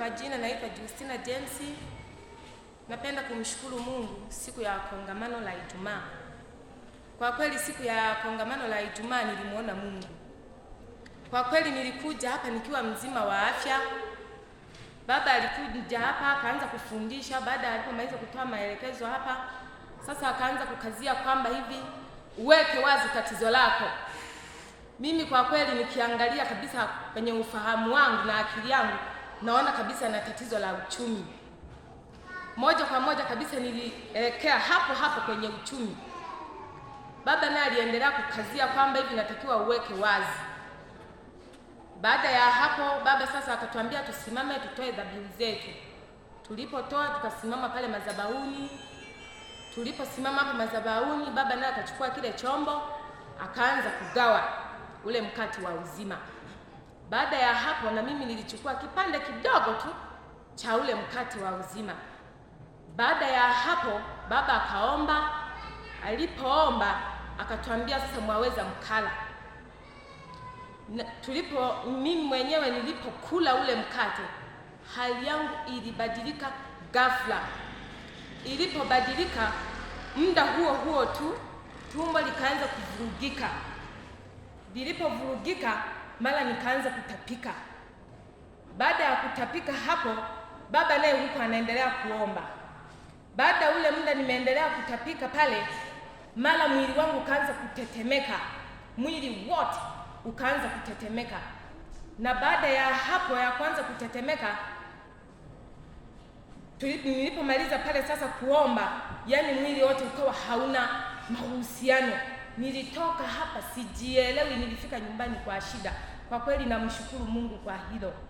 Kwa jina naitwa Justina James. Napenda kumshukuru Mungu siku ya kongamano la Ijumaa. Kwa kweli siku ya kongamano la Ijumaa nilimwona Mungu. Kwa kweli nilikuja hapa nikiwa mzima wa afya. Baba alikuja hapa akaanza kufundisha, baada ya alipomaliza kutoa maelekezo hapa, sasa akaanza kukazia kwamba hivi uweke wazi tatizo lako. Mimi kwa kweli nikiangalia kabisa kwenye ufahamu wangu na akili yangu naona kabisa na tatizo la uchumi. Moja kwa moja kabisa nilielekea hapo hapo kwenye uchumi. Baba naye aliendelea kukazia kwamba hivi natakiwa uweke wazi. Baada ya hapo, baba sasa akatuambia tusimame tutoe dhabihu zetu. Tulipotoa tukasimama pale madhabahuni. Tuliposimama hapo madhabahuni, baba naye akachukua kile chombo akaanza kugawa ule mkate wa uzima. Baada ya hapo, na mimi nilichukua kipande kidogo tu cha ule mkate wa uzima. Baada ya hapo, baba akaomba. Alipoomba akatwambia sasa, mwaweza mkala na tulipo, mimi mwenyewe nilipokula ule mkate, hali yangu ilibadilika ghafla. Ilipobadilika muda huo huo tu tumbo likaanza kuvurugika. Lilipovurugika mara nikaanza kutapika. Baada ya kutapika hapo, baba naye huko anaendelea kuomba. Baada ule muda nimeendelea kutapika pale, mara mwili wangu ukaanza kutetemeka, mwili wote ukaanza kutetemeka. Na baada ya hapo ya kuanza kutetemeka, nilipomaliza pale sasa kuomba, yani mwili wote ukawa hauna mahusiano nilitoka hapa sijielewi, nilifika nyumbani kwa shida. Kwa kweli namshukuru Mungu kwa hilo.